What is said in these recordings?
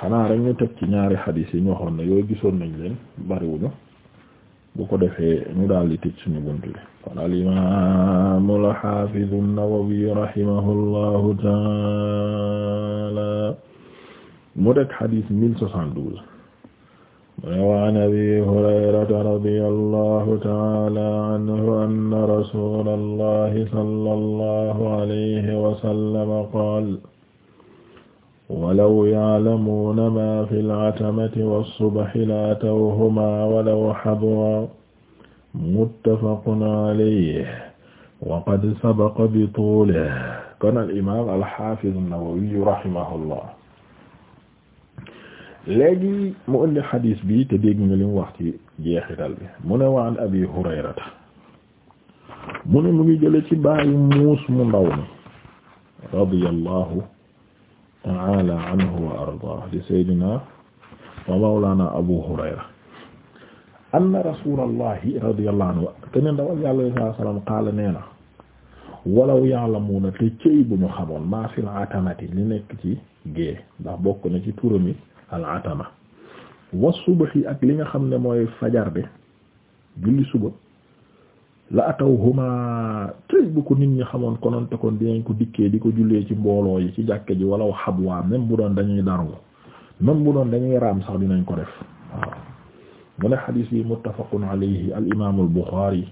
xanaa rek ñu teg ñaari xadiis yi ñu yooyu gisoon nañ leen bariwuñu bu ko defe ñu daal di tëj suñu bunt bi al imaamu al xaafizu an-Nawawi rahimahullahu taala mu teg xadiis mille soixante-douze mu ne abi hurayrata radiyallahu taala anna rasulallahi sallallahu alayhi wa walaw ya'lamuuna maa fil atamati was-subhi la'atawhumaa walaw hadran muttafaqun alayhi wa qad sabaqa bi tuulihi kon al imaam al haafiz an-Nawawi rahimahullah léegi mu indi xadiis bi te dégg nga li mu wax ci jeexital bi mu ne wa an Abi Hurayrata mu ne mu ngi jële ci baayu muus mu ndaw mi radiyallahu ta'ala anhu wa ardaa li sayyidina wa mawlana abu hurayra anna rasulallahi radiyallahu anhu keneen dawal yàlla sallallahu alayhi wasallam qaala nee na walaw ya'lamuna te cëy bu ñu xamoon maa fil atamati li nekk ci gée ndax bokk na ci turam yi al atama wa subhi ak li nga xam ne mooy fajar bi julli suba la atawhuma tey bu ko nit ñi xamoon kononte kon dinañ ko dikkee di ko jullee ci mbooloo yi ci jàkke ji wala waa même bu doon dañuy darwu même bu doon dañuy raam sax dinañ ko def waaw mu ne xadis bi muttafaqun alayhi al imaamu al buxaari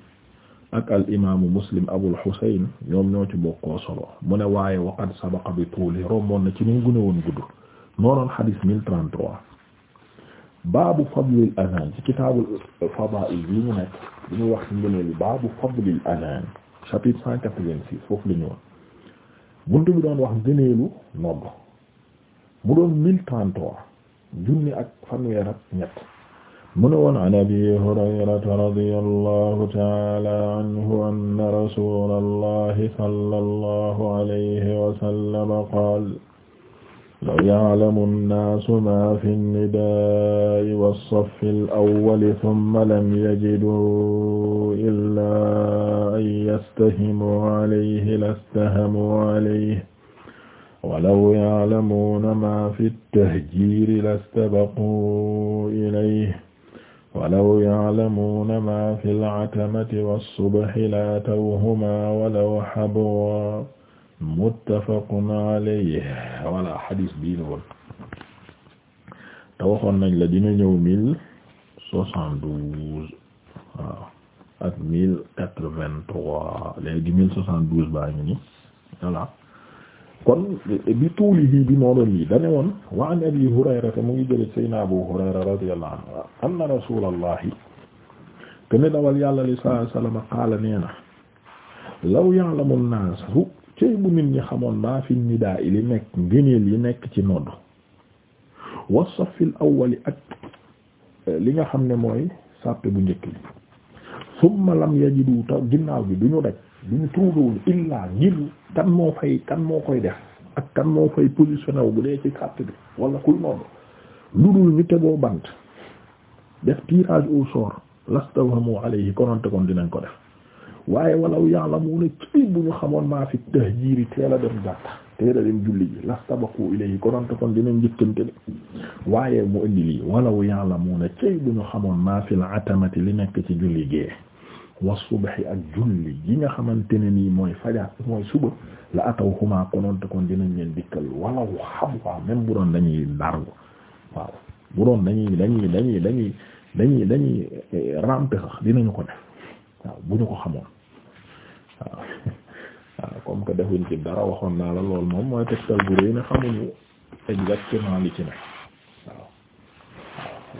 ak al imaamu muslim abul xusayn ñoom ñoo ci bokkoo solo mu ne waaye waqad sabaqa bi tuuli romboon na ci ni mu gën a woon gudd noonoon xadis 1033 baabu fadlil adaan ci kitaabul fadaa'il yi ñu nekk bi ñu wax ngëneelu baabu fadlil adaan chapitre cent quatre-vingt-six foofu la ñu woon buntu bi doon wax ngëneelu nodd mu doon mille trente-trois junni ak fanweer ak ñett mu ne woon an abi hurayrata radiyallahu ta'ala anhu anna rasulallahi sallallahu alayhi wa sallam qaala law ya'lamu nnaasu maa fi nnidaa'i was-saffi al-awwali thumma lam yajiduu illaa an yastahimuu alayhi lastahamuu alayhi walaw ya'lamuuna maa fi ttahjiiri lastabaquu ilayhi walaw ya'lamuuna maa fi al-'atamati was-subhi la'atawhumaa walaw habwan muttafaqun waxoon nañ la dina ñëw mille soixante douze waaw ak mille quatre vingt trois léegi mille soixante douze baa ngi ni voilà kon bi tuuli bi moo doon lii dane woon wa an abi hurayrata mu ngi jële sayna abu hurayra radiyallahu anhu anna rasulallahi te ne dawal yàlla li sallallahu alayhi wasallam qaala nee na law ya'lamu an-naasu cey bu nit ñi xamoon maa fi nidaa li nekk ngëneel yi nekk ci nodd wa safil awwali ak eh, li nga xam ne mooy sàppe bu njëkk bi summa lam yajidu ta ginnaaw bi duñu daj duñu trouvéwul illaa ngir kan moo fay kan moo koy def ak kan moo fay positionné wu bu dee ci sàppe bi wala kuy nodd lu dul ñu tegoo bant def tirage au sort lastawhamu alayhi kononte kon dinañ ko def waaye walaw ya'lamuna ci bu ñu xamoon maa fi tahjiiri teel a dem jàkka teel a dem julli ji lastabaqu ilayhi kononte kon dinañ njëkkante de waaye mu indi lii walaw ya'lamuna ci bu ñu xamoon maa fi al-atamati li nekk ci julli gee wa subhi ak julli yi nga xamante ne nii mooy fajaat mooy suba la atawhuma kononte kon dinañ leen dikkal walaw xabwa même bu doon dañuy dargu waaw bu doon dañuy dañuy dañuy dañuy dañuy dañuy eh, rampe sax dinañu ko def waaw bu ñu ko xamoon comme que defuñ ci dara waxoon naa la lool moom mooy tegtal bu rëy ne xamuñu exactement li ci ne waaw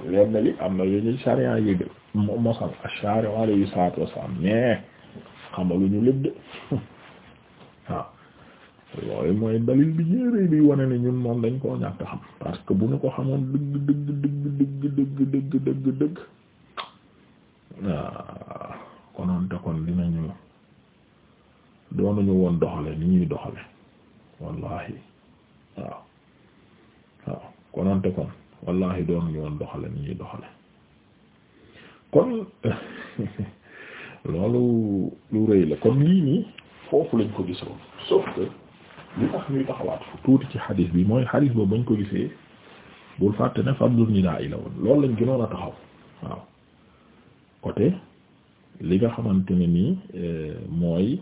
waaw leen na li am na yu ñu sariya yëgal mosal ashari alayhi salaatu wasalaam mais xamaluñu lépp de waaw loolu mooy dalil bi ñëerëy bi wane ne ñun moom dañ koo ñàkk xam parce que bu ñu ko xamoon dëgg dëgg dëgg dëgg dëgg dëgg dëgg dëgg waaw konoon te kon dinañu doonuñu woon doxale ni ñuy doxale wallahi waaw waaw kononte kon wallahi doonuñu woon doxale ni ñuy doxale kon loolu lu rëy la kon lii nii foofu lañ ko gisoon sauf li tax ñuy taxawaat fu tuuti ci xadiis bi mooy xadiis boobu bañ ko gisee bul fàtte ne fadlul nidaa yi la woon loolu lañ gënoon a taxaw waaw côté li nga xamante ne nii eh, mooy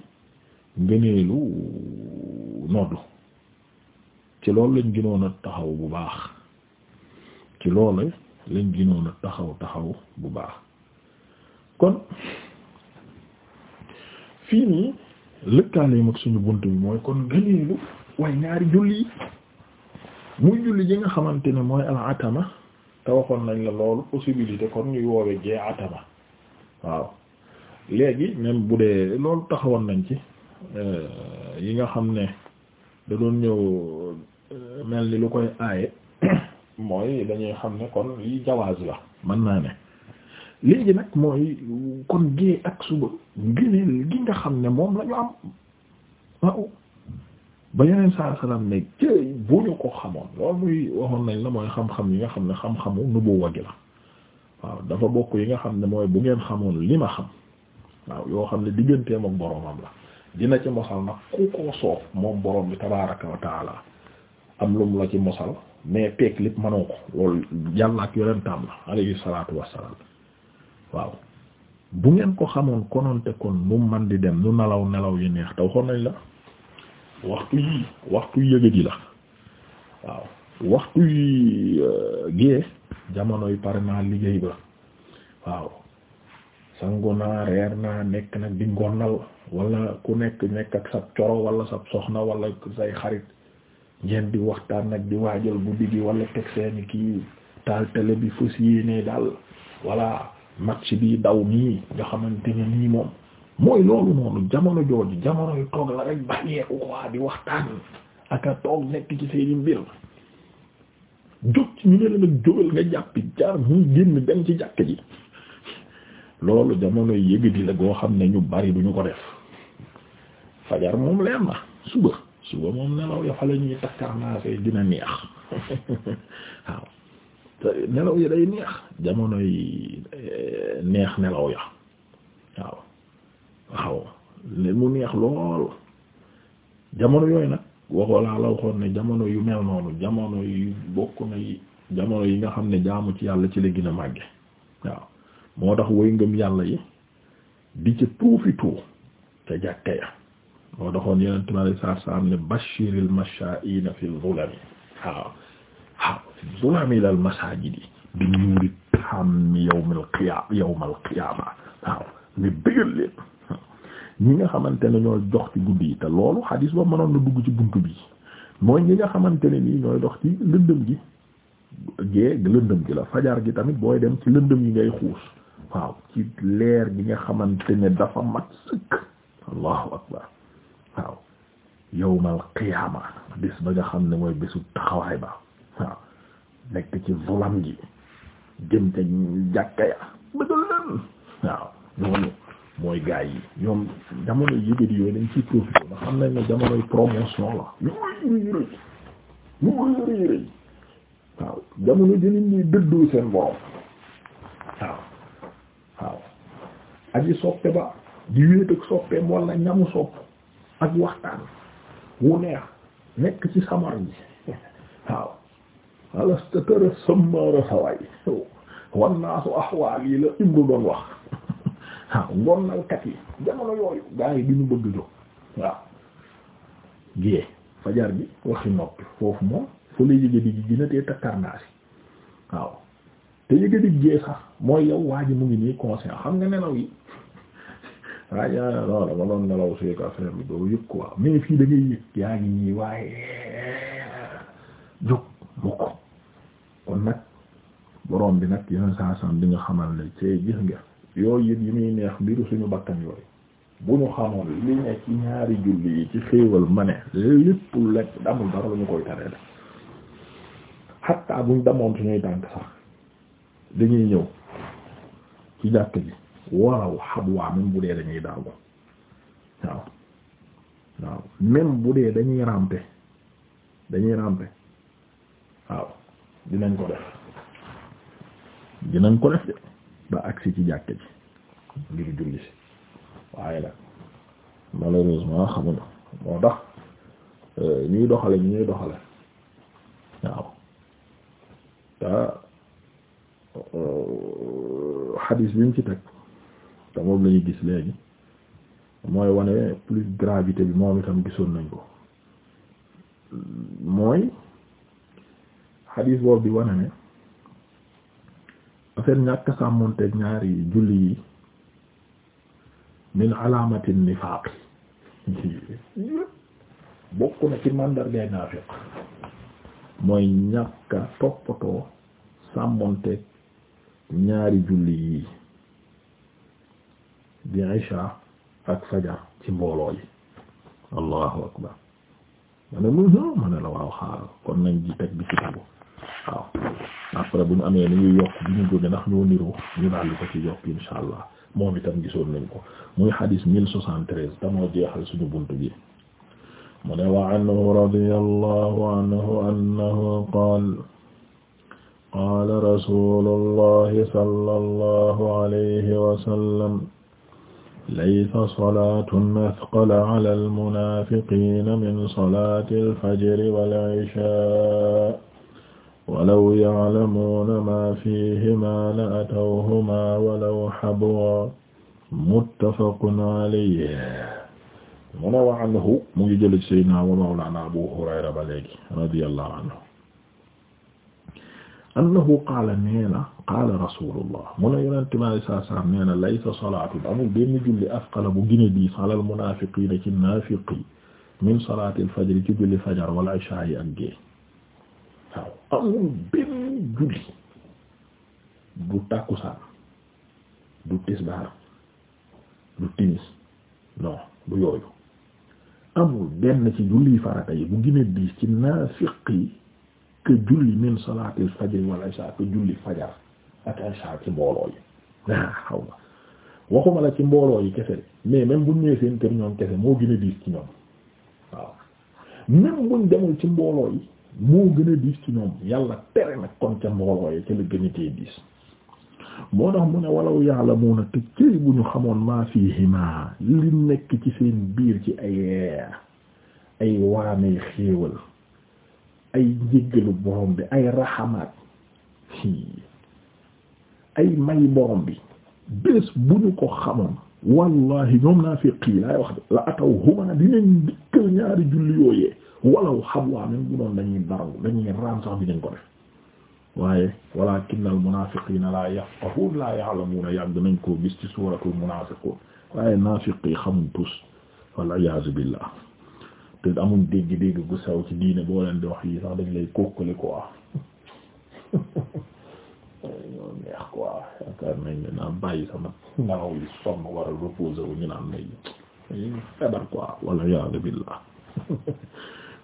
ngëneelu noddu ci loolu lañ gënoon a taxaw bu baax ci loolu lañ gënoon a taxaw taxaw bu baax kon fii nii yu ak suñu bunt bi mooy kon ngëneelu waaye ñaari julli yi muy julli ji nga xamante ne mooy al atama te waxoon nañ la loolu possibilité kon ñuy woowe jee atama waaw léegi même bu dee loolu taxawoon nañ ci Euh, yi nga xam ne danoon ñëw euh, mel ni lu koy aaye mooy dañuy xam ne kon lii jawaaz la mën naa ne léegi nag mooy kon gée ak suba ngëneel gi nga xam ne moom la am waaw ba yeneen saa salaam ne cëy bu ñu ko xamoon loolu muy waxoon nañ la mooy xam-xam yi nga xam ne xam-xamu nubuwa gi la waaw dafa bokk yi nga xam ne mooy bu ngeen xamoon li ma xam waaw yoo xam ne digganteem ak boroomam la dina ci mosal nag ku ko soof moom borom bi tabaraka wa am lu mu la ci mosal mais peeg lépp mënoo ko loolu yàlla ak yonentam la alayhi salaatu wassalaam waaw bu ngeen ko xamoon kononte kon mu man di dem nu nelaw nelaw yi neex taw xoon nañ la waxtu yi waxtu yëgadi la waaw waxtu yi euh, gée jamono yi pare naa liggéey ba waaw sangu naa reer naa nekk nag di ngonnal wala ku nekk nekk ak sab coro wala sab soxna wala say xarit ngeen di waxtaan nag di waajal guddi gi wala teg seeni kii taal télé bi fas yéenee daal voilà match bi daw nii nga xamante ni nii moom mooy loolu noonu jamono jooju jamono yu toog la rek bàyyeeku quoi di waxtaan ak a toog nekk ci seeni mbir jóg ci ñu ne la jógal nga jàppi jaar muy génn dem ci jàkk ji loolu jamono yëgadi la goo xam ne ñu bari du ñu ko def fajar moom leer na suba suba moom nelaw ya fa la ñuy takkarnaasee dina neex waaw nelaw yi day neex jamono yi eh, neex nelaw ya waaw waaw mu neex lool jamono yooyu nag waxoo laa la waxoon ne jamono yu mel noonu jamono yu bokk na yi jamono yi nga xam ne jaamu ci yàlla ci la gën a màgge waaw moo tax way ngëm yàlla yi di ci profitoo ca jàkka ya moo taxoon yeneen time ale saar saar ne bashiril mashaa'ina fi zulami waaw waaw fi zulami lal masaajidi bi nuuri taam yawmal qiyaama nga xamante ne ñooy dox te loolu xadiis ba mënoon na dugg ci buntu bi mooy ñi nga xamante ne nii ñooy dox ci lëndëm gi gée lëndëm gi la fajar gi tamit booy dem ci lëndëm yi ngay xuus waaw ci leer gi nga xamante ne dafa mat sëkk allahu akbar waaw yawmal qiyaama bis ba nga xam ne mooy bésu taxawaay ba waaw nekk ci volam ji jëm ca jàkka ya bëggal waaw loolu mooy gaa yi ñoom jamono yëgadi yooyu dañ ciy profité ba xam nañ ne jamonoy promotion la yooyu yërëj yooyu yërëj waaw jamono jëliñ ñuy dëddoo seen borom waaw aji soppe ba di wéet ak soppeem wala mu sopp ak waxtaan wu neex nekk ci samar ji waaw alasta tara samara saway wan naa su ahwaal yi la imru doon wax waaw ngonnalkat yi jamono yooyu gaa yi bi bëgg jóg waaw gée fajar bi waxi noppi foofu moom fu lay yëge di gi gëna tee takkarnaasi waaw te yëgadi jee sax mooy yow waa ji mu ngi nii conscient xam nga nelaw yi waaye yaa ah, ne non dama doon nelaw seeg affaire doo yëg quoi mais fii da yëg yaa ngi nii waaye jóg mukk kon nag borom bi nag yeneen saa san di nga xamal ne cee gis nga yooyu yëg yi neex mbiru suñu bakkan yooyu bu ñu xamoon li ne ci ñaari julli yi ci xéewal ma ne lépp lekk amul dara lu ñu koy taree xatta buñ damoon suñuy tànk sax dañuy ñëw ci jàkk ji waraw xabwaa même bu dee dañuy daagu waaw waaw même bu dee dañuy rampe dañuy rampe waaw dinañ ko def dinañ ko def de ba agsi ci jàkk ji ngir julli si waaye nag malheureusement xamuñu moo tax euh, ñuy doxale ñu ñuy doxale waaw xadiis bi mu ci teg te moom gis léegi mooy wane plus gravité bi moom itam gisoon nañ ko mooy xadiis boobu bi wane ne affaire ñàkk sàmmonteeg ñaari julli yi min alaamati nifaaq bokk na ci màndargay naafiq mooy ñàkka toppatoo sàmmonteeg ñaari julli yii di isha ak fajar ci mbooloo yi akbar ma ne mu ma ne la waaw kon nañ ji teg bi ci tegu waaw après bu ñu amee ni ñuy yokk bi ñu jóge ndax ñoo niroo ko ci yokk insha allah moom itam gisoon nañ ko muy xadis mille soixante treize tamoo jeexal suñu bunt bi mu ne wa anhu radiyallahu anhu annahu qaal qaala rasuulullahi sallallahu alayhi wa sallam laysa salaatun athqala ala almunaafiqiina min salaati alfajri wal-ishaa walaw ya'lamuuna maa fiihimaa la atawhumaa walaw habwan muttafaqun alayhi mu ne wa anhu mu ngi jël ci Seydina wa Mawlaana Abu Hurayra ba léegi radiyallahu anhu annahu qaala nee na qaala rasulullah mu ne yonente mi alai saat salaam nee na laysa salaatun amul benn julli afqala bu gën a diis alal munaafiqiina ci naafiqi min salaatil fajri ci julli fajar wala ishaa yi ak gée waaw amul benn julli du tàkkusaan du tisbaar du timis non du yooyu amul benn ci julli farata yi bu gën a diis ci naafiqi que julli min salaatil fajri wal isha que julli fajar ak isha ci mbooloo yi ah xaw ma waxuma la ci mbooloo yi kese mais même bu ñëwee seen kër ñoom kese moo gën a diis ci ñoom ci mbooloo gën a diis yàlla tere nag kon ca mbooloo yi ca la gën a tee diis moo tax mu ne walaw ya'lamuna te këy bu ñu xamoon maa fiihima li nekk ci seen biir ci ay ay waamee xéewal ay njéggalu borom bi ay raxamaat ay may borom bi bés ko xamoon wallahi ñoom naa fi qii laay wax de la ataw huma dinañ dikkal ñaari julli yooyee walaw xabwaa même bu doon dañuy daraw dañuy sax dinañ ko def waaye walakin al munafiqina la yafqahun la ya'lamuuna yàgg nañ koo gis ci suuratul munaafiqun waaye naafiq yi xamuñ tus wal iyaazu billah te amuñ dégg-dégg gu sew ci diine boo leen di wax yi sax dañ lay kokkali quoi ñoo neex quoi yaakaar nañ ne naa bàyyi sama nelaw yi sonn war a reposer wu ñu naan nay feebar quoi wala yalla billah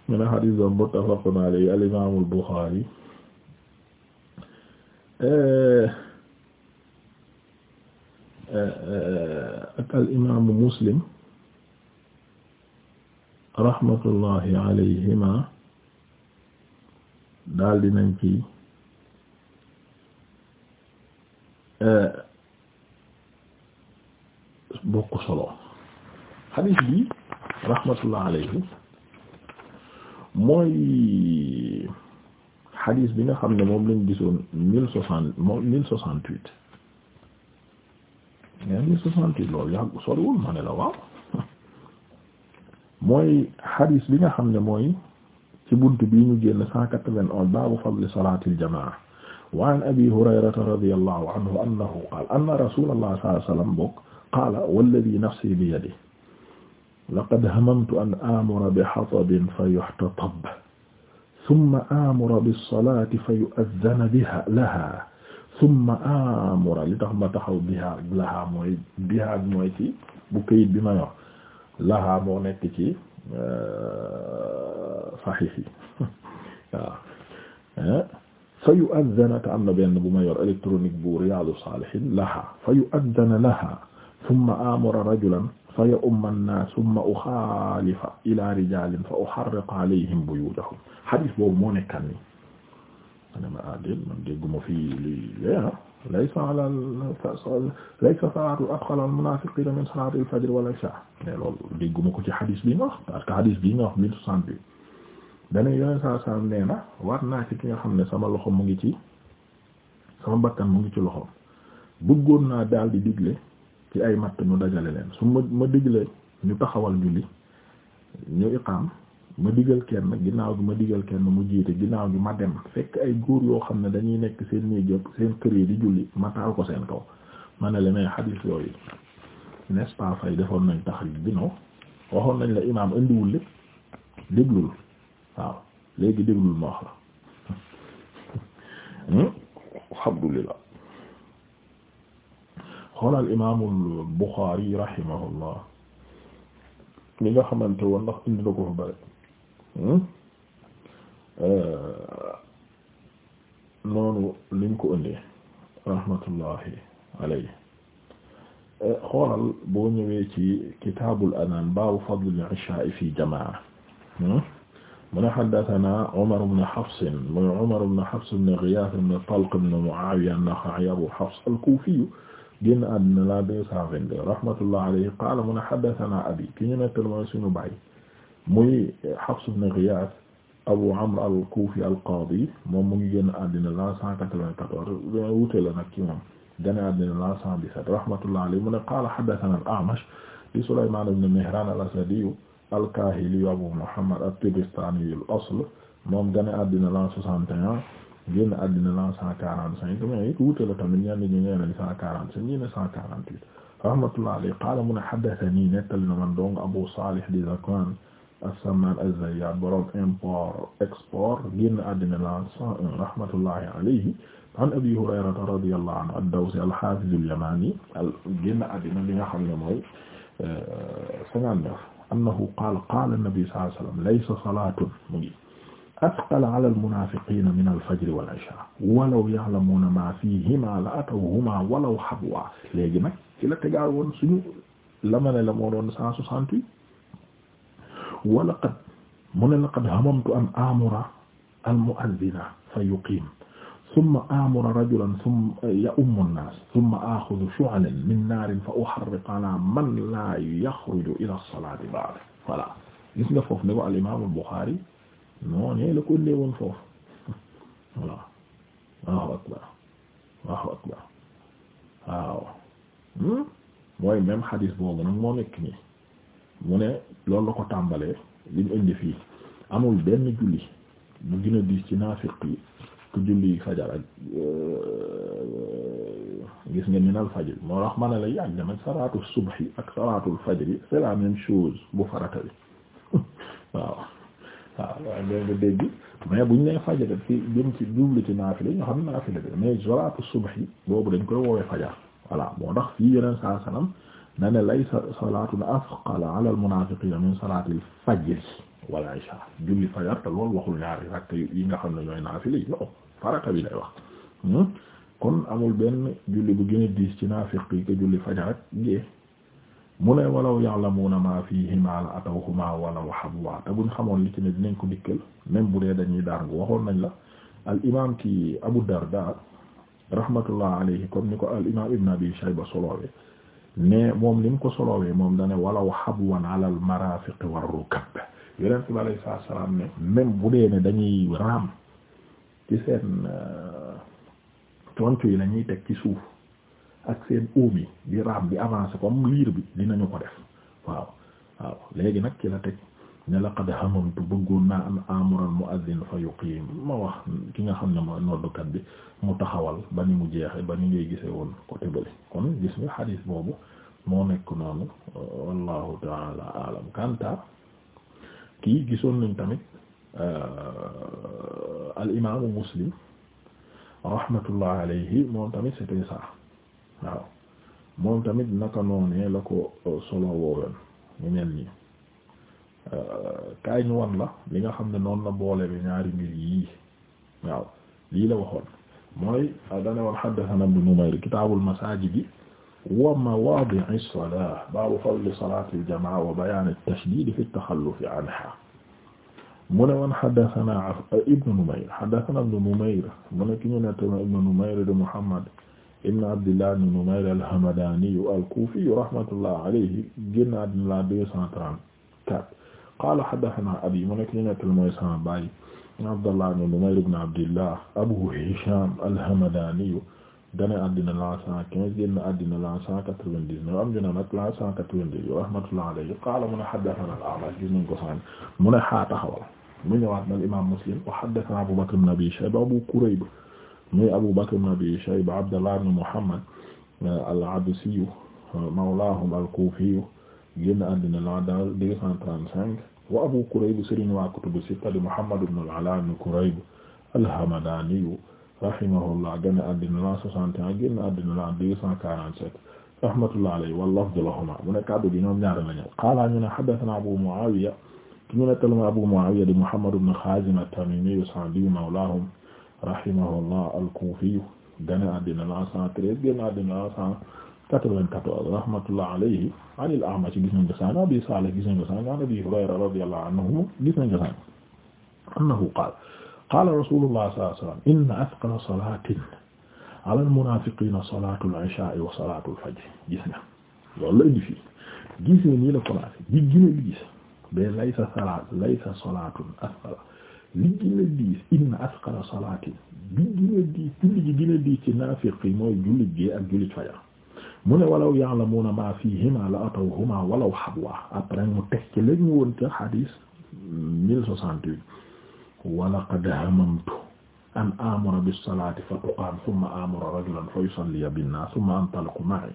mu ne xadiis ba muttafaqun alayhi al imaamul Buxaari eh, eh, eh, ak al Muslim rahmatullahi alayhima daal di nañ ci eh, bokk solo xadiis bi rahmatullah alayhi mooy xadiis bi nga xam ne moom lañ gisoon mille soixante moom mille soixante huit mais waaw mooy hadis bi nga xam ne mooy ci buntu bii ñu génn cent quatre-vingt-onze baabu fadli salaatil jamaa wa an abi hurayrata radiyallahu anhu annahu qaala anna rasuulallahi sallallahu alayhi wa sallam bokk qaala walladhi nafsi biyadihi laqad hamamtu an aamura bihatabin fayuhtatab thumma aamura bis-salaati fayu'adhdhana biha lahaa thumma aamura li tax ma taxaw biha lahaa mooy biha mooy ci bu kayit bi ma yor lahaa moo nekk ci euh, saxiix yi waaw eh? fa yu'adhana te am na benn bu ma yor électronique bu Riyadou Salihine lahaa fa yu'adhana lahaa thumma amura rajulan fa ya'umma an-naas thumma ukhalifa ila rijalin fa uharriqa alayhim buyutahum hadith boobu moo nekkan ni ah, man dégguma fii lii eh? laysa sa laysa salaatu adxal al munaafiqiina min salaati al fajr wal ishaa mais loolu dégguma ko ci hadis bi nga wax parce que hadis bi nga wax 1068 dañuy yore saa saa nee na war naa ci ki nga xam ne sama loxo mu ngi ci sama bakkan mu ngi ci loxoom bëggoon naa daal di digle ci ay matt ñu dajale leen su ma ma digle ñu taxawal julli ñu iqaam ma digal kenn ginnaaw gi ma diggal kenn mu jiite ginnaaw gi ma dem fekk ay góor yoo xam ne dañuy nekk seen néeg yëpp seen kër yi di julli ma taal ko seen kaw ma ne leen ay xadiis yooyu n'est-ce pas fay defoon nañ taxriij bi non waxoon nañ la imaam indiwul lépp déglul waaw léegi déglul ma wax hmm? imaamul Buxaari rahimahullah li nga xamante woon ndax indi na ko fa bare Hmm? Euh, noonu liñ ko ëndee rahmatullahi alayhi euh, xoolal boo ñëwee ci kitaabul adaan baabu fadlil ishaa'i fi jamaa hmm? mun haddathanaa Umar ibn Hafs muy Umar ibn Hafs ibn Ghiyath ibn Talq ibn Mu'aawiya an-Nakha'i Abu Hafs al-Kuufi génn àddina la deux cent vingt-deux rahmatullahi alayhi qaala mun haddathanaa abii ki ñu nettali mooy suñu baay muy Hafs ibn Ghiyath Abu Amr al-Kufi al-Qadi moom mu ngi génn àddina la cent quatre-vingt-quatorze wute la nag ci moom génn àddina la cent dix-sept rahmatullah alayhi mu ne qaala haddathana al-A'mash di Sulayman ibn Mihran al-Asadi al-Kahili Abu Muhammad at-Tabistani al-asl moom génn àddina la soixante et un génn àddina la cent quarante-cinq mais wute la tamit ñenn ñi ñeneen cent quarante-cinq ñi ne cent quarante-huit rahmatullah alayhi qaala mu ne haddathani nettali na man dong Abu Salih di Zakwan as-Samman az-Zayyat borom import export génn àddina la 101 rahmatullahi alayhi an Abi Hurayrata radiyallahu anhu ad-Dawsi al-Hafiz al-Yamani génn àddina li nga xam ne mooy 59 euh, annahu qaala qaala an-nabi sallallahu alayhi wa sallam laysa salaatun mu ngi atqala ala al-munaafiqiina min al-fajri wal-ishaa walaw ya'lamuuna maa fiihimaa la-atawhumaa walaw habwan léegi nag ci la tegaar woon suñu la ma ne la moo doon 168 wa laqad mu ne laqad hamamtu an amura al mu'adhdhina fa yuqiim summa amura rajulan summa ya'ummu an-naas summa axudu shu'lan min naarin fa uharriqu ala man laa yaxruju ila as-salaati ba'da voilà gis nga foofu ne ko al imaam al Buxaari non nee la ko néewoon foofu voilà waaw akbar waaw akbar hmm? waaw mooy même xadiis boobu nag moo nekk nii. mu ne loolu la ko tàmbalee li mu indi fii amul benn julli bu gën a diis ci naafiq yi ku julli fajar ak euh, gis nga minal fajr moo tax ma ne la yàgg na salaatu subhi ak salaatul fajr yi c'est la même chose bu farata bi waaw waaw loolu nga dégg mais buñ nee fajar fi jëm ci jublu ci naafila ñoo xam ne naafila bi mais salaatu subhi dañ koy woowee fajar voilà moo tax fii yeneen saa sanam na ne laysa salaatuna afqala ala almunaafiqiina min salaatil fajri wal isha julli fajar te loolu waxul ñaari rakk yi nga xam ne ñooy naafili non farata bi wax hmm? kon amul benn julli bu gën a diis ci naafiq yi ko julli fajar ak gée mu ne walaw ya'lamuuna maa fiihimaa la atawhumaa walaw habwa te buñ xamoon li ci ne dinañ ko dikkal même bu dee dañuy daar ngu waxoon nañ la al ki Abu Darda rahmatullah alayhi comme ni ko al imaam Ibn Abi mais moom mu ko solowee moom dane walaw habwan ala al marafiq war rukab yonent bi alayhi salaatu salaam ne même bu dee ne dañuy raam ci seen euh, tontu yi la ñuy teg ci suuf ak seen uum yi di raam di avancer comme liir bi dinañu ko def waaw waaw léegi nag ki la teg ne laqad hamamtu bëggoon naa an amura mu'adhdhin fa yuqiim ma wax ki nga xam ne mooy noddukat bi mu taxawal ba ni mu jeexe ba ni ngay gise woon côté bële kon gis nga xadiis boobu moo nekk noonu wallahu taala alam kanta kii gisoon nañ tamit euh, al imaamu muslim rahmatullah moom tamit c'était ça waaw moom tamit naka noonee la ko euh, solo woowoon ñu mel nii kaay ñu wan la li nga xam ne noonu la boole bi ñaari mbir yii waaw lii la waxoon mooy dane woon haddathana ibn Numayr kitaabul masaajidi wa mawaadi'i s-salaah baabu fadli salaatil jamaa wa bayaan at-tashdiid fi at-taxallufi anhaa mu ne woon haddathana ibn Numayr haddathana ibn Numayr mu ne ki ñu ne tamit ibn Numayr de Muhammad ibn Abdillah ibn Numayr al-Hamdaani al-Kuufi rahmatullahi alayhi génn àddina la deux cent trente-quatre qaala haddathana abi mu nekk ñu nettal mooy sama baay Abdallah ibn Numayr ibn Abdillah Abu Hisham al-Hamadani gane àddina la cent quinze génn àddina la cent quatre-vingt-dix-neuf am na nag la cent quatre-vingt-dix rahmatullah alayhi qaala mu ne haddathana al-A'mash gis nañ ko sànni mu ne xaa taxawal mu ñëwaat na imaam Muslim wa haddathana Abu Bakr ibn Abi Shayba Abu Kurayb muy Abu Bakr ibn Abi Shayba Abdallah ibn Muhammad euh, al-Absiyu euh, mawlaahum al-Kufiyu génn àddina la deux cent trente-cinq wa Abu Kurayb sëriñ waa kutubu sitta di Muhammad ibn al-Ala ibn Kurayb al-Hamadani rahimahullah génn àddina la 61 génn àddina la 247 rahmatullah alayhi wal lafdu lahuma mu ne kaddu gi ñoom ñaar lañu qaala ñu ne haddathana Abu Muawiya ñu ne talma Abu Muawiya di Muhammad ibn Khazim at-Tamimi as-Sa'di mawlahum rahimahullah al-Kufi génn àddina la 113 génn àddina la 94 rahmatullah alayhi anil A'mash gis nañ ko sànq Abi Salih gis nañ ko sànq an Abi Hurayra radiyallahu anhu gis nañ ko sànq annahu qaala qaala rasulullah sallallahu alayhi wa sallam inna athqala salatin ala al-munafiqina salatul isha'i wa salatul fajr gis na loolu la indi fii gis na nii la commencé li gën a diis mais laysa salat laysa salatun athqala li gën a diis inna athqala salatin li gën a diis julli gi gën a diis ci naafiq yi mooy jullit gee ak jullit fajar mu ne walaw ya'lamuna ma fihima la atawhuma walaw habwa après mu teg ci lañu woon ca hadis 1068 wa laqad hamamtu an amura bis-salati fa tuqam thumma amura rajulan fa yusalli bin-nas thumma antaliqu ma'i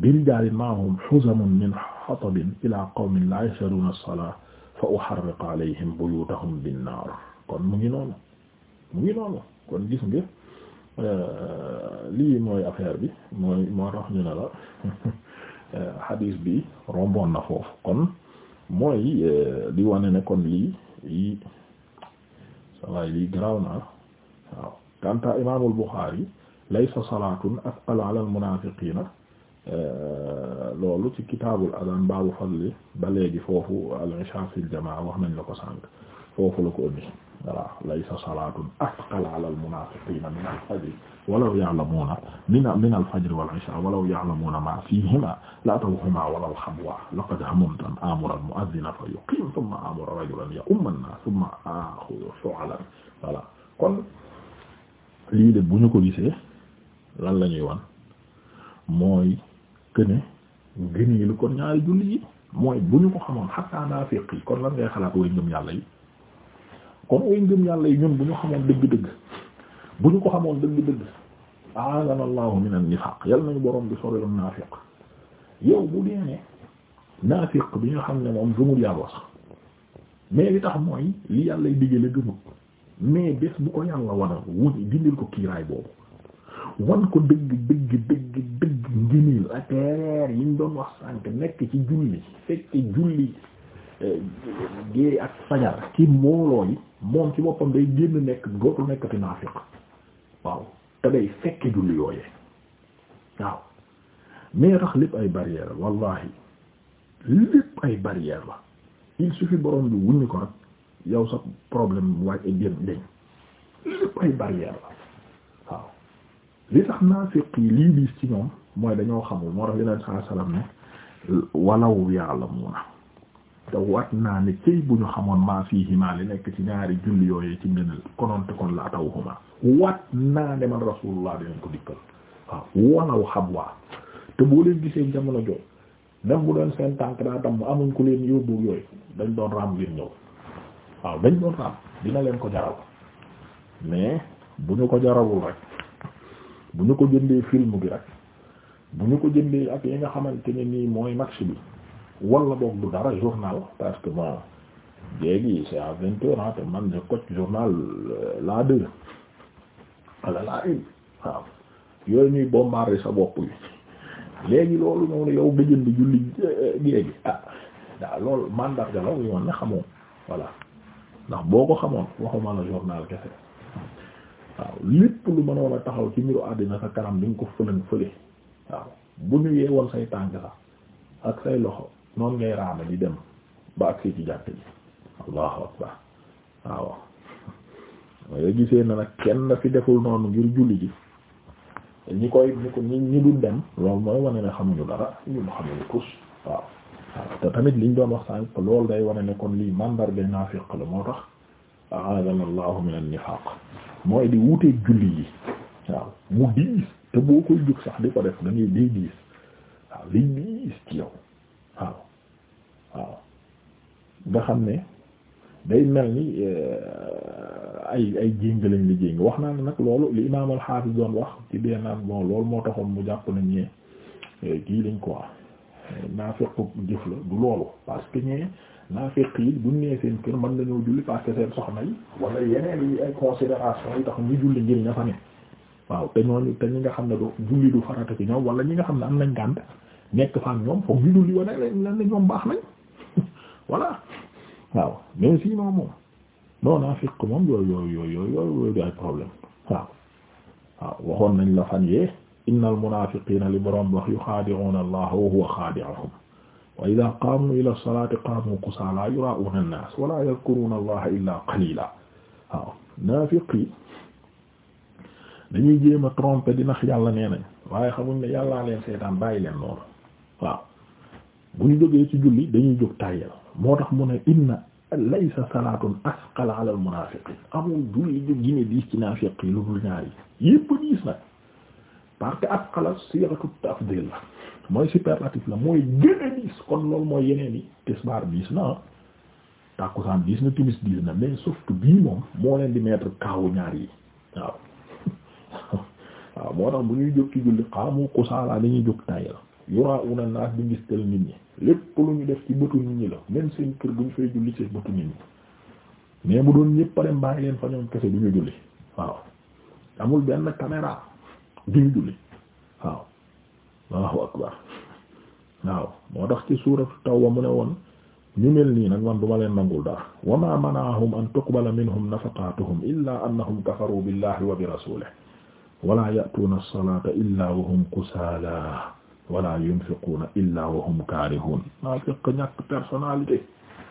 bi-rijalin ma'ahum huzamun min hatabin ila qawmin la yashhaduna as-salata fa uharriqu alayhim buyutahum bin-nar kon mu ngi noonu mu ngi noonu kon gis nga Euh, lii mooy affaire bi mooy moo tax ñu la euh, hadis bi romboon na foofu kon mooy euh, di wane ne kon lii yii sawaay lii garaaw na waaw kanta imaamul Buxaari laysa salaatun asqal ala al munaafiqiina loolu ci kitaabul adaan baabu fadli ba léegi foofu al ishaa fil jamaa wax nañ la ko sànq foofu la ko voilà laysa salaatun athqal ala al-munaafiqiina min al-fajri walaw ya'lamuuna min al-fajri wal-'ishaa walaw ya'lamuuna maa fiihimaa la-'atawhumaa walaw habwa laqad hammamtu an aamura al-mu'adhdhina fa yuqiima thumma aamura rajulan ya-umma an-naas thumma aakhudha shu'alan voilà kon lii de bu ñu ko gisee lan la ñuy wan mooy këne gëneelu kon ñaari julli yi mooy bu ñu ko xamoon xataa naafiq yi kon lan ngay xalaat way ngëm yàlla yi. kon way ngëm yàlla yi ñun bu ñu xamoon dëgg-dëgg bu ñu ko xamoon dëgg-dëgg a'aadana allahu min an-nifaaq yal nañu borom bi sori loon naafiq yow bu dee ne bi nga xam ne moom gëmul yàlla sax mais li tax mooy li yàlla y diggale gëmul mais bés bu ko yàlla wanal dindil ko kiiraay boobu wan ko dëgg dëgg dëgg dëgg ngëneel ak leer yi doon wax sànk nekk ci julli fekk julli géey ak fajar ci mbooloo yi moom ci boppam day génn nekk dootul nekkati naafiq waaw te day fekk julli waaw mais tax lépp ay barrière la wallahi lépp ay barrière la bi wuññi ko rek yow sa problème waaj a génn lépp ay barrière la waaw li tax naafiq yi lii diis ci ñoom mooy dañoo xamul moo tax yeneen saa salaam ne walaw ya'lamuna te waat naa ne cëy bu ñu xamoon maa fii himaa li nekk ci ñaari julli yooyee ci ngënal kononte kon la ataw huma naa ne man rasulullah dinañ ko dikkal waaw walaw xam waa te boo leen gisee jamono jooy même bu doon seen tànk daa damm amuñ ko leen yóbbu yooyu dañ doon raam ngir ñëw waaw dañ doon raam dina leen ko jaral mais bu ñu ko jaralul rek bu ñu ko jëndee film bi rek bu ñu ko jëndee ak yi nga xamante ne nii mooy match bi wala boog du dara journal parce que bon léegi c'est à vingt man je coche journal euh, la deux wala la une waaw yooyu ñuy bombarder sa bopp yi léegi loolu noonu yow bëjën bi julli géegi euh, ah daa loolu mandarga la yoon ne xamoo voilà ndax boo ko xamoon waxuma la journal kese waaw lépp lu mënoon a taxaw ci mbiru àddina sa kanam di ko fëlan fële waaw bu ñu yeewoon say tànk sax ak say loxo noonu ngay raame di dem ba ak ci jàkk ji allahu akbar waaw waaye gisee na nag kenn fi deful noonu ngir julli ji ñi koy ñi ko ñi ñi dul dem loolu mooy wane ne xamuñu dara ñun xamuñu tus waaw waaw te tamit liñ doon wax sànq loolu day wane ne kon lii mandarga naafiq la moo tax a'adana allahu min an-nifaq mooy di wuteeg julli yi waaw mu diis te boo koy jóg sax di ko def da day diis waaw liy diis ci yow waaw waaw nga xam ne day mel ni euh, ay ay jéng lañ li jéng wax naa ne nag loolu li imaam al-Hafiz doon wax ci benn naan bon loolu moo taxoon mu jàpp na ñee euh, kii lañ quoi naafiq jëf la du loolu parce que ñee naafiq yi buñ nee seen kër mën nañoo julli parce que seen soxna yi wala yeneen yi ay considération yi tax ñu julli ngir ña fa ne waaw te ñooñu te ñi nga xam ne du julli du farata ci ñoom wala ñi nga xam ne am nañ gànt nekk fa ñoom foog ñu dul yoon leen ne ñoom baax nañ voilà waaw mais sinon moom non naa fekk moom yooyu yooyu yooyu yooyu du ay problème waaw. waaw waxoon nañ la fan yee innal munaafiqiina li borom wax yuxaadi'uuna allaha wa huwa xaadi'uhum wa idaa qaamu ila salaati qaamu kusaalaa yuraa'uuna an-naas laa yadkuruuna dañuy jéem a tromper di nax yàlla ne nañ waaye xamuñ ne yàllaa leen seetaan bàyyi leen noonu. waaw bu ñu jógee ci julli dañuy jóg tàyyal moo tax mu ne inna laysa salaatun asqal ala al munaafiqiin amul julli ju gine diis ci naafiq yi lu ñaar yi yépp diis que asqala siiratu tafdil la la mooy kon loolu mooy yeneen yi tisbaar diis na na timis diis na moom moo leen di mettre kaawu ñaar yi waaw waaw moo tax bu ñuy jóg ci julli xaamu kusaala dañuy jóg tàyyal yuraa'una an-naas bi ngis tël nit ñi lépp lu ñu def ci bëtu nit ñi la même seen kër duñ fay julli ci bëtu nit ñi mais bu doon ñëpp dem bàyyi leen fa ñoom kese du ñu julli waaw amul benn caméra du ñu julli waaw Allahu akbar waaw moo tax ci suuratu Tawba mu ne woon ñu mel nii nag man duma leen nangul dara wa ma mana'ahum an tuqbala minhum nafaqatuhum illa annahum kafaru billahi wa bi rasulihi wala ya'tuna as-salata illa wa hum kusala wala yunfiquuna illa wa hum kaarihuun naa fekk ñàkk personnalité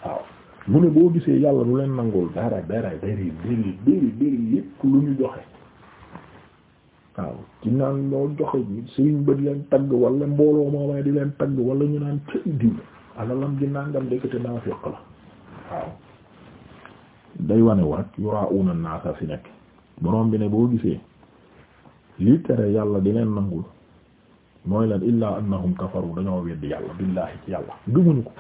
waaw mu ne boo gisee yàlla du leen nangul dara dara dari dari dari yépp lu ñu joxe waaw ci naan loo joxe sëriñ ba di leen tagg wala mbooloo moomay di leen tagg wala ñu naan cëy diw alalam di nangam ndekete naa fekk la waaw day wane war ak yuraa'uuna naasa fi nekk borom bi ne boo gisee lii tere yàlla di leen nangul mooy lan illaa annahum kafaru dañoo weddi yàlla billaahi ci yàlla gëmuñu ko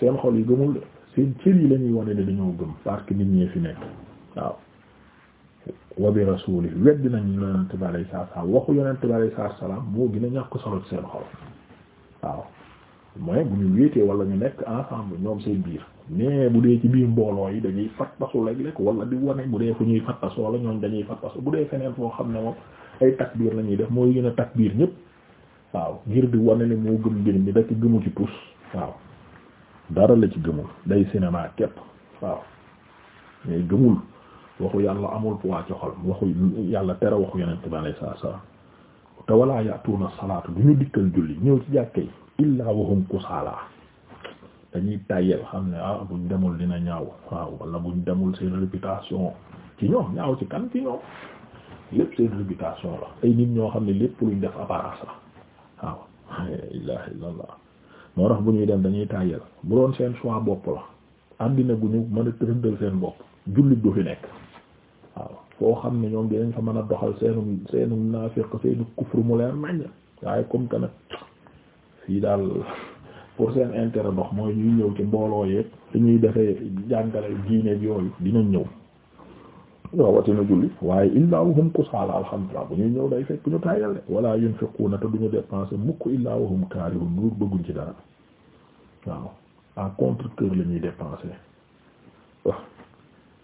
seen xol yi gëmul de seen cër yi lañuy wane ne dañoo gëm parce que nit ñee fi nekk waaw wa bi rasuuli weddi nañ yonent bi alayhi saa salaam waxu yonent bi alayhi salaatu salaam moo gën a ñàkk solo seen xol waaw mooy bu ñu wéetee wala ñu nekk ensemble ñoom seen biir mais bu dee ci biir mbooloo yi dañuy fattasu léeg-léeg wala di wane bu dee fu ñuy fattasoo la dañuy fattasu bu dee feneen foo xam ne moom ay takbiir la ñuy def mooy gën a takbiir ñëpp waaw ngir di wane ne moo gëm mbir mi da ci gëmu ci tus waaw dara la ci gëmu day cinéma képp waaw mais gëmul waxu yàlla amul poids ci xol waxu yàlla tere waxu yeneen bi alei saat salam te walaa yatuuna salaatu du ñu dikkal julli ñëw ci jàkke yi illaa wahum kusaalaa dañuy tàyyel xam ne ah buñ demul dina ñaaw waaw wala buñ demul seen réputation ci ñoom ñaaw ci kan ci ñoom lépp seen réputation la ay nit ñoo xam ne lépp luñ def apparence la waaw ilaha illallah moo tax bu ñuy dem dañuy tàyyal bu doon seen choix bopp la àddina gu ñu mën a tërëndal seen bopp jullit du fi nekk waaw foo xam ne ñoom dinañ fa mën a doxal seenu seenu naafiq seenu kufru mu leer naññ waaye comme que nag fii daal pour seen intere ndox mooy ñuy ñëw ci mbooloo yeeg li ñuy defee jàngale diine yooyu dinañ ñëw rawatina julli waaye illaa wahum kusaala alhamdulillah bu ñuy ñëw day fekk ñu tayal de wala yunfiquuna te duñu dépenser mukk illaa wahum kaarihun lu bëgguñ ci dara waaw à contre-cœur la ñuy dépenser waaw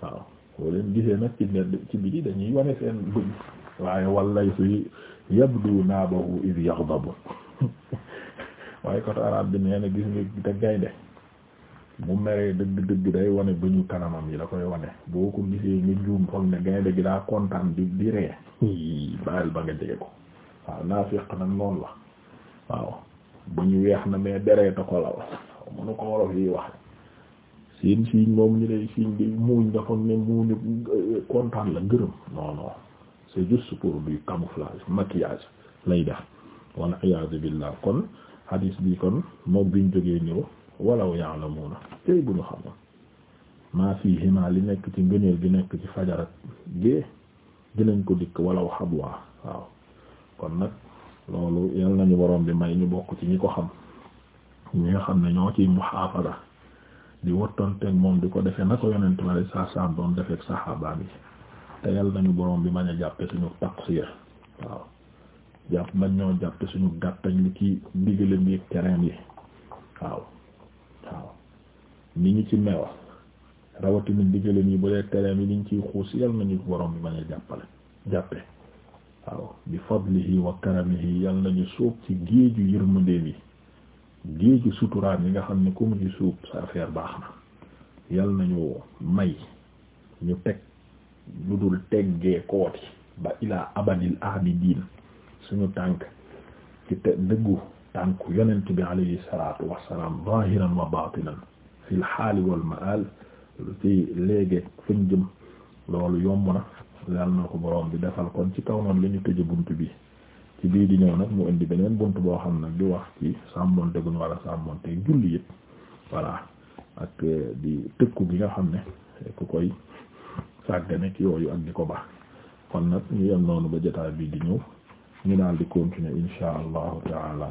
waaw boo leen gisee nag ci nedd ci dañuy wane seen bëgg waaye wallay su yabdu naabahu id yaxdabu waaye bi nee na gis nga te mu meree dëgg dëgg day wane bëñu kanamam yi la koy wane boo ko gisee nga juum foog ne gaynde gi daa kontaan di di ree bàyyil ba nga jege ko waaw naafiq nag noonu la waaw bëñu weex na mais dereeta ko la wax mënu ko wolof yi wax seen siiñ moom ñu lay siiñ bi muuñ nga foog ne muuñu euh, kontaan la gërëm non non c'est juste pour du camouflage maquillage lay dex wal iyaazu billah kon hadis bi kon moom biñ jógee ñëw walaw ya'lamuuna tey bu ñu xamoon maa fiihimaa li nekk ci ngëneel gi nekk ci fajarat gée dinañ ko dikk walaw xabwaa waaw kon nag loolu yal nañu borom bi may ñu bokk ci ñi ko xam ñi nga xam ne ñoo ciy muhaafada di wattanteeg moom di ko defee na ko yonent ma lay saa saam doon defeek saxaabaam yi te yal nañu boroom bi bañ a jàppe suñu taqsiir waaw jàpp bañ ñoo jàppe suñu gàttañ li ci diggale mbiig terrain yi waaw waaw ni ñu ci mewa rawatina ndigalam yi bu dee tereem yi liñ ciy xuus yal nañu borom bi mën a jàppale jàppe waaw bi fadlihi wa karamihi yal nañu suub ci géeju yërmandeem yi géeju suturaam yi nga xam ne ko mu ci suub sa affaire baax na yal nañu may ñu teg lu dul teggee kooti ba ilaa abadil abidin suñu tànk ci te dëggu tànku yonent bi alayhi salaatu wassalaam zahiran wa baatinan fil xaali wal maal ci léegi fuñ jëm loolu yomb na yàlla na ko boroom bi defal kon ci kaw noonu la ñu tëje bunt bi ci biir di ñëw nag mu indi beneen bunt boo xam nag di wax ci sàmmonte guñ wala sàmmonte julli it voilà ak euh, di tëkku gi nga xam ne ku koy sàggane ci yooyu ak di ko ba kon nag ñu yem noonu ba jotaay bii di ñëw ñu daal di continuer insha allahu taala